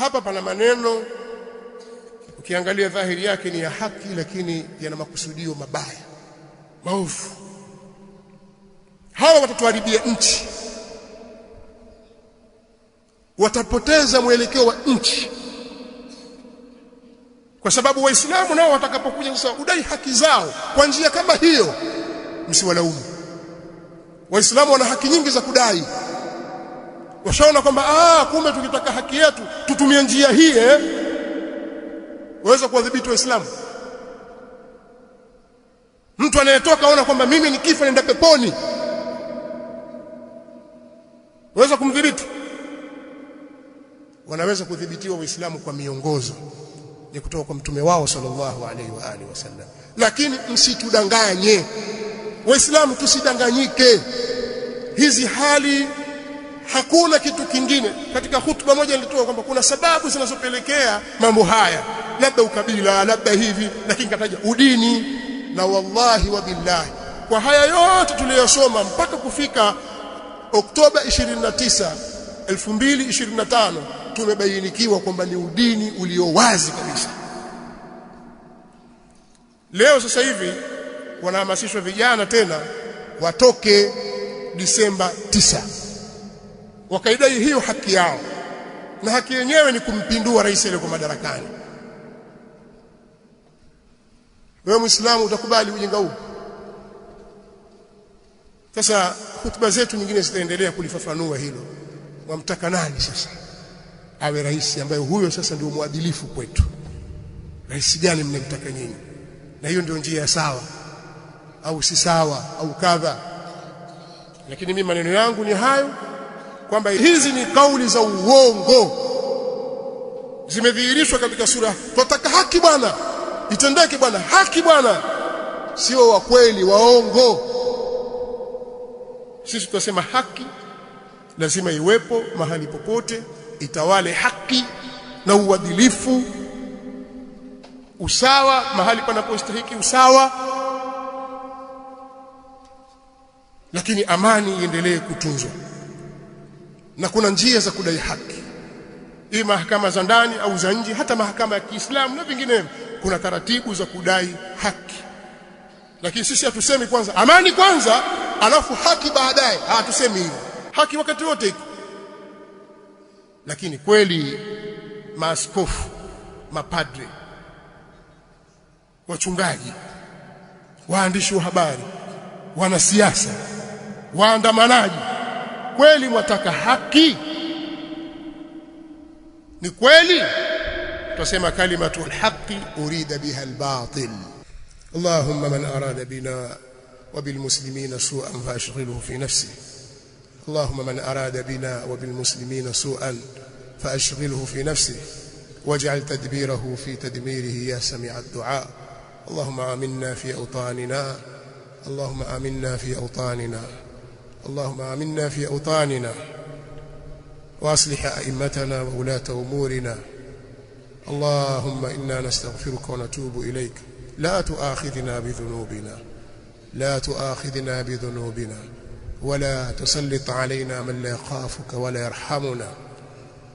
Hapa pana maneno ukiangalia dhahiri yake ni ya haki, lakini yana makusudio mabaya maovu. Hawa watatuharibia nchi, watapoteza mwelekeo wa nchi, kwa sababu Waislamu nao watakapokuja sasa udai haki zao kwa njia kama hiyo, msiwalaumu Waislamu. Wana haki nyingi za kudai washaona kwamba ah, kumbe tukitaka haki yetu tutumie njia hii eh, waweza kuwadhibiti Waislamu. Mtu anayetoka aona kwamba mimi ni kifa nenda peponi, waweza kumdhibiti? Wanaweza kudhibitiwa Waislamu kwa miongozo ya kutoka kwa mtume wao sallallahu alaihi wa alihi wasallam, lakini msitudanganye Waislamu, tusidanganyike hizi hali Hakuna kitu kingine. Katika hutuba moja nilitoa kwamba kuna sababu zinazopelekea mambo haya, labda ukabila, labda hivi, lakini kataja udini. Na wallahi wa billahi, kwa haya yote tuliyosoma mpaka kufika Oktoba 29, 2025 tumebainikiwa kwamba ni udini ulio wazi kabisa. Leo sasa hivi wanahamasishwa vijana tena watoke Disemba wakaidai hiyo haki yao, na haki yenyewe ni kumpindua rais kwa madarakani. Wewe Muislamu utakubali ujinga huu? Sasa hutuba zetu nyingine zitaendelea kulifafanua hilo. Wamtaka nani sasa awe rais ambaye huyo sasa ndio mwadilifu kwetu? Rais gani mnemtaka nyinyi? Na hiyo ndio njia ya sawa au si sawa au kadha. Lakini mimi maneno yangu ni hayo kwamba hizi ni kauli za uongo zimedhihirishwa katika sura. twataka haki bwana, itendeke bwana, haki bwana, sio wa kweli, waongo. Sisi tunasema haki lazima iwepo mahali popote, itawale haki na uadilifu, usawa mahali panapostahiki usawa, lakini amani iendelee kutunzwa na kuna njia za kudai haki, iwe mahakama za ndani au za nje, hata mahakama ya Kiislamu na vinginevyo. Kuna taratibu za kudai haki, lakini sisi hatusemi kwanza amani kwanza alafu haki baadaye. Hatusemi hivyo, haki wakati wote iko. Lakini kweli maaskofu, mapadre, wachungaji, waandishi wa habari, wanasiasa, waandamanaji kweli wataka haki ni kweli tusema kalimatu alhaqi urida biha albatil اللهم من أراد بنا وبالمسلمين سوءا فأشغله في نفسه اللهم من أراد بنا وبالمسلمين سوءا فأشغله في نفسه واجعل تدبيره في تدميره يا سميع الدعاء اللهم آمنا في أوطاننا اللهم آمنا في أوطاننا اللهم آمنا في أوطاننا وأصلح أئمتنا وولاة أمورنا اللهم إنا نستغفرك ونتوب إليك لا تؤاخذنا بذنوبنا لا تؤاخذنا بذنوبنا ولا تسلط علينا من لا يخافك ولا يرحمنا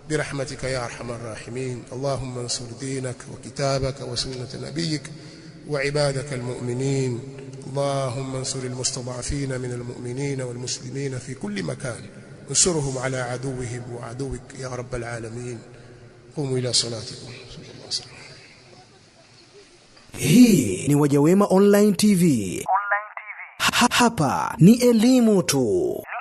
برحمتك يا أرحم الراحمين اللهم انصر دينك وكتابك وسنة نبيك وعبادك المؤمنين اللهم انصر المستضعفين من المؤمنين والمسلمين في كل مكان انصرهم على عدوهم وعدوك يا رب العالمين قوموا الى صلاتكم صلى hii ni Wajawema Online TV. Online TV. Ha hapa ni elimu tu. ni